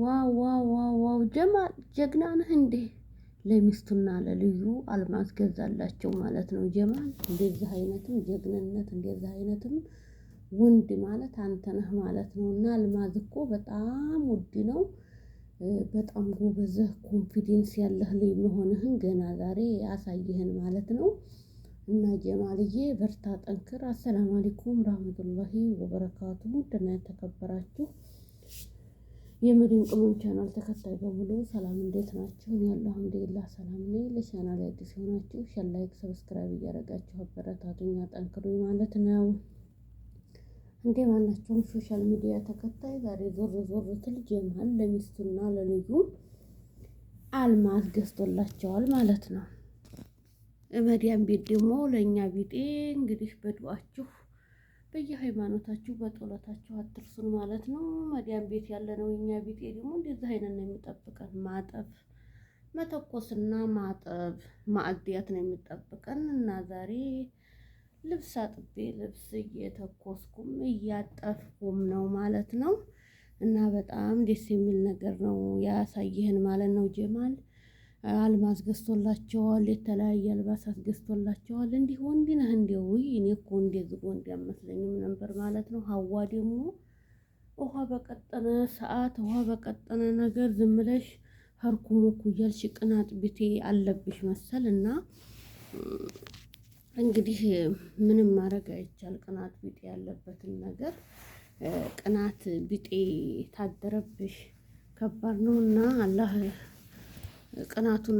ዋው ዋው ዋው ዋው ጀማል ጀግና ነህ እንዴ! ለሚስቱና ለልዩ አልማዝ ገዛላቸው ማለት ነው። ጀማል እንደዚህ አይነትም ጀግንነት እንደዚህ አይነትም ወንድ ማለት አንተ ነህ ማለት ነው። እና አልማዝ እኮ በጣም ውድ ነው። በጣም ጎበዝህ ኮንፊደንስ ያለህ ልጅ መሆንህን ገና ዛሬ ያሳየህን ማለት ነው። እና ጀማልዬ በርታ፣ ጠንክር። አሰላሙ አለይኩም ረህመቱላሂ ወበረካቱ። ውድና የተከበራችሁ የመድን ቅመም ቻናል ተከታይ በሙሉ ሰላም፣ እንዴት ናችሁ? እኔ ያለሁ አልሐምዱሊላህ ሰላም ነኝ። ለቻናል አዲስ የሆናችሁ ሸር፣ ላይክ፣ ሰብስክራይብ እያደረጋችሁ አበረታቱኝ፣ አጠንክሩኝ ማለት ነው። እንዴ ማናቸውም ሶሻል ሚዲያ ተከታይ ዛሬ ዞር ዞር ትል ጀማል ለሚስቱና ለልጁ አልማዝ ገዝቶላቸዋል ማለት ነው። መዲያም ቤት ደግሞ ለእኛ ቢጤ እንግዲህ በዱአችሁ በየሃይማኖታችሁ በጸሎታችሁ አትርሱን ማለት ነው። መዲያም ቤት ያለ ነው። እኛ ቤት ደግሞ እንደዚህ አይነት ነው የሚጠብቀን። ማጠብ መተኮስና ማጠብ ማዕድያት ነው የሚጠብቀን እና ዛሬ ልብስ አጥቤ ልብስ እየተኮስኩም እያጠፍኩም ነው ማለት ነው። እና በጣም ደስ የሚል ነገር ነው ያሳየህን ማለት ነው ጀማል አልማዝ ገዝቶላቸዋል፣ የተለያየ አልባሳት ገዝቶላቸዋል። እንዲህ ወንድ ነህ እንዲው እኔ እኮ እንደዚህ ወንድ አመስለኝም ነበር ማለት ነው። ሀዋ ደግሞ ውሃ በቀጠነ ሰዓት ውሃ በቀጠነ ነገር ዝም ብለሽ ሀርኩሞኩ እያልሽ ቅናት ብቴ አለብሽ መሰል እና እንግዲህ ምንም ማድረግ አይቻል። ቅናት ቢጤ ያለበትን ነገር ቅናት ቢጤ ታደረብሽ ከባድ ነው እና አላህ ቅናቱን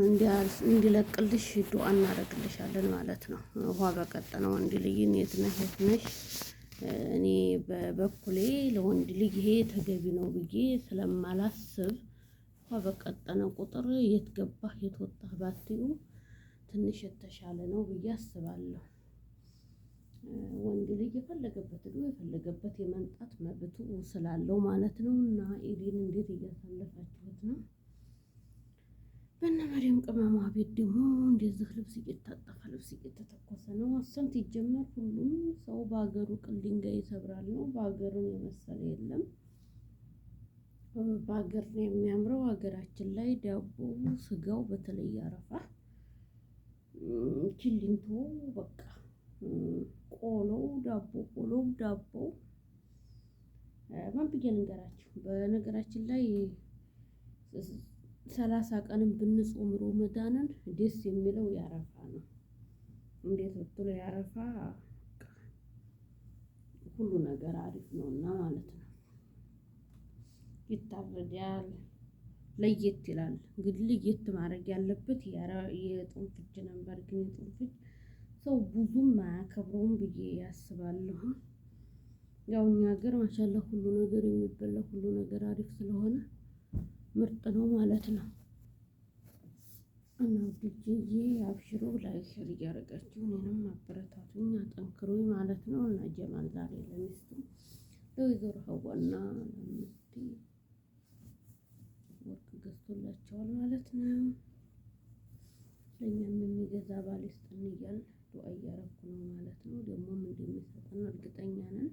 እንዲለቅልሽ ዱአ እናደርግልሻለን ማለት ነው። ውሃ በቀጠነው ወንድ ልይ የት ነሽ የት ነሽ? እኔ በበኩሌ ለወንድ ልጅ ይሄ ተገቢ ነው ብዬ ስለማላስብ ውሃ በቀጠነ ቁጥር የት ገባህ የት ወጣህ ባትዩ ትንሽ የተሻለ ነው ብዬ አስባለሁ። ወንድ ልጅ የፈለገበት ሄዶ የፈለገበት የመምጣት መብቱ ስላለው ማለት ነው። እና ኢድን እንዴት እያሳለፋችሁት ነው? በእነ መሪም ቅመማ ቤት ደግሞ እንደዚህ ልብስ እየታጠፈ ልብስ እየተተኮሰ ነው። አሰም ሲጀመር ሁሉም ሰው በሀገሩ ቅል ድንጋይ ይሰብራል ነው። በሀገሩን የመሰለ የለም። በሀገር ነው የሚያምረው። ሀገራችን ላይ ዳቦ ስጋው፣ በተለይ አረፋ ኪሊንቶ፣ በቃ ቆሎ ዳቦ ቆሎ ዳቦ ማን ብዬ ልንገራችሁ በነገራችን ላይ ሰላሳ ቀንም ብንጾም ሮመዳንን ደስ የሚለው ያረፋ ነው። እንዴት ብትሉ ያረፋ ሁሉ ነገር አሪፍ ነው እና ማለት ነው። ይታረዳል፣ ለየት ይላል። እንግዲህ ለየት ማድረግ ያለበት የጾም ፍች ነበር። ግን የጾም ሰው ብዙም አያከብረውም ብዬ ያስባለሁ። ያው እኛ ሀገር ማሻላ ሁሉ ነገር የሚበላ ሁሉ ነገር አሪፍ ስለሆነ ምርጥ ነው ማለት ነው። እና ውድዬ አብሽሮ ላይ ሼር እያደረጋችሁ እኔንም አበረታቱኝ አጠንክሩኝ ማለት ነው። እና ጀማል ዛሬ ለሚስቱ ለወይዘሮ ሀዋና ለሚስቱ ወርቅ ገዝቶላቸዋል ማለት ነው። ለእኛም የሚገዛ ባል ይስጠን እያልን ዱአ እያረኩ ነው ማለት ነው። ደግሞም እንደሚሰጠን እርግጠኛ ነን።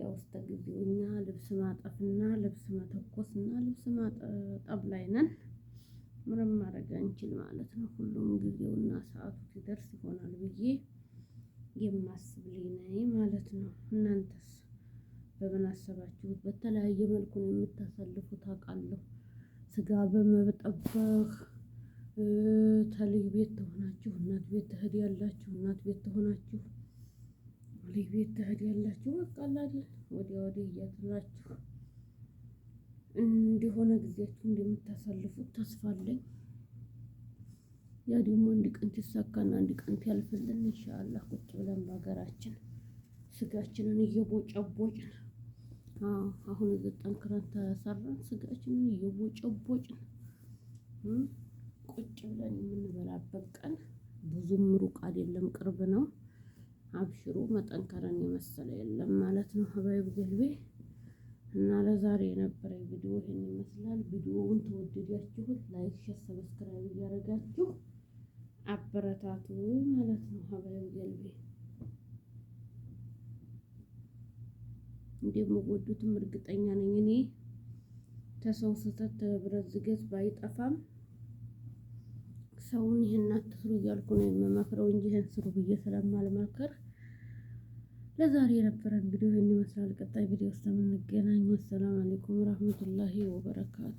ያው ውስጥ እኛ ልብስ ማጠፍና ልብስ መተኮስና ልብስ ማጠብ ላይ ነን። ምንም ማድረግ አንችል ማለት ነው። ሁሉም ጊዜውና ሰዓቱ ሲደርስ ይሆናል ብዬ የማስብ ነኝ ማለት ነው። እናንተስ በምን አሰባችሁት? በተለያየ መልኩ ነው የምታሳልፉት አውቃለሁ። ስጋ በመጠበህ ተልዩ ቤት ተሆናችሁ እናት ቤት ትሄድ ያላችሁ እናት ቤት ተሆናችሁ ልዩ የተህድ ያላችሁ በቃላል ወዲያ ወዲህ እያትላችሁ እንደሆነ ጊዜያችሁ እንደምታሳልፉት ተስፋ አለኝ። ያ ደግሞ አንድ ቀን ትሳካና አንድ ቀን ያልፍልን ኢንሻአላህ። ቁጭ ብለን በሀገራችን ስጋችንን እየቦጨቦጭን አሁን እዚህ ጠንክረን ተሰራን ስጋችንን እየቦጨቦጭን ቁጭ ብለን የምንበላበት ቀን ብዙም ሩቅ አይደለም፣ ቅርብ ነው። አብሽሩ መጠንከረን የመሰለ የለም ማለት ነው። ሀባይብ ገልቤ እና ለዛሬ የነበረ ቪዲዮ ይህን ይመስላል። ቪዲዮውን ተወደዳችሁት ላይክ፣ ሸር፣ ሰብስክራይብ እያደረጋችሁ አበረታቱ ማለት ነው። ሀባይብ ገልቤ እንደምትወዱትም እርግጠኛ ነኝ እኔ ተሰው ስህተት ብረት ዝገት ባይጠፋም ሰውን ይህን አትስሩ እያልኩ ነው የምመክረው እንጂ ይህን ስሩ ብዬ ስለማልመክር ለዛሬ የነበረን ቪዲዮ ይህን ይመስላል። ቀጣይ ቪዲዮ ውስጥ የምንገናኝ። ወሰላም አለይኩም ወረህመቱላሂ ወበረካቱ።